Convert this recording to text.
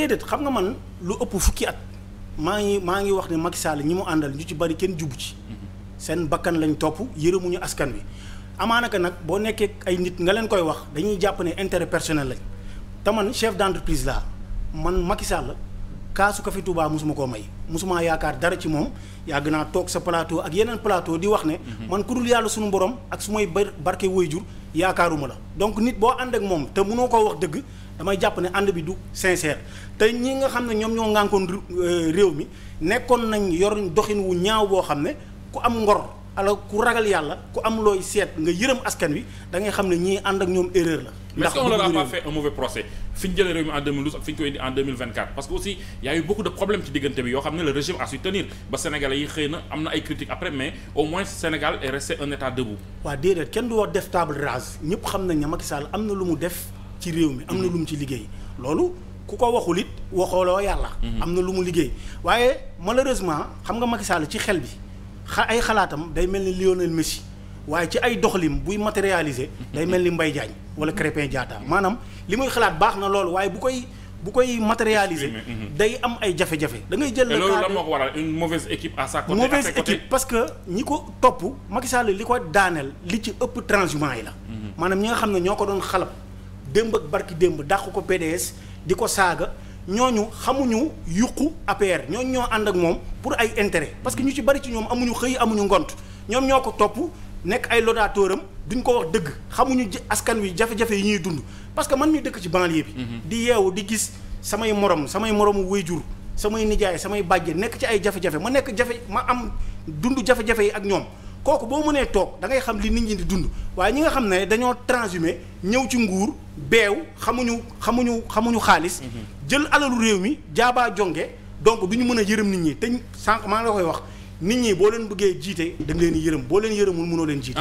déedéet xam nga man lu ëpp fukki at maa ngi maa ngi wax ne Macky Sall ñi mu àndal ñu ci bari kenn jubu ci seen bakkan lañ topp ñu askan wi amaanaka nag boo nekkee ay nit nga leen koy wax dañuy jàpp ne intérêt personnel lañ te man chef d'entreprise laa man Macky Sall kaasu fi Touba mosuma koo may mosuma yaakaar dara ci moom yàgg naa toog sa palaato ak yeneen plateau di wax ne mhm. man ku dul yàlla suñu borom ak su may barke waajur yaakaaruma la donc nit boo ànd ak moom te munoo koo wax dëgg damay jàpp ne ànd bi du sincère te ñi nga xam ne ñoom ñoo ngànkoon euh, réew mi nekkoon nañ yor doxin wu ñaaw boo xam ne ku am ngor alors ku ragal yàlla ku am looy seet nga yërëm askan wi da ngay xam ne ñii ànd ak ñoom erreur la. ndax jëlee réew en 2012 ak fi ñu koy indi en a eu beaucoup de problèmes ci diggante bi yoo xam ne le régime a su tenir am na ay critiques après am na lu mu def ci réew mi. am na lu mu ci liggéey loolu. ku ko waxul it waxooloo yàlla. Mhm. am na lu mu liggéey waaye malheureusement xam nga Macky Sall ci xel bi. xa ay xalaatam day mel ni Lionel Messi waaye ci ay doxalim buy matérialisé day mel ni Mbaye Diagne wala Crépin Diatta maanaam li muy xalaat baax na loolu waaye bu koy bu koy matérialiser mhm. day am ay jafe-jafe da ngay jël loolu lan moo ko waral une mauvaise équipe à sa côté mauvaise équipe parce que ñi ko topp Macky Sall li ko daaneel li ci ëpp transhumant yi la mhm. maanaam ñi nga xam ne ñoo ko doon xalab démb ak barki démb dàq ko PDS di ko saaga ñooñu xamuñu yuqu APR ñooñu ñoo ànd ak moom pour ay intérêt parce que ñu ci bari ci ñoom amuñu xëy amuñu ngont ñoom ñoo ko topp nekk ay lodatoram duñ ko wax dëgg xamuñu askan wi jafe-jafe yi ñuy dund parce que man ñu dëkk ci banlieue bi mhm. di yeewu di gis samay morom samay moromu wéyjur samay nijaay samay bàjje nekk ci ay jafe-jafe ma nekk jafe ma am dund jafe-jafe yi ak ñoom kooku boo mënee toog da ngay xam li nit ñi di dund waaye ñi nga xam ne dañoo transhumé ñëw ci nguur beew xamuñu xamuñu xamuñu xaalis mhm. jël alalu réew mi jaabaa jonge donc du ñu mën a yërëm nit ñi te sànq maa la koy wax nit ñi boo leen bëggee jiite da leen yërëm boo leen yërëmul mënoo leen jiite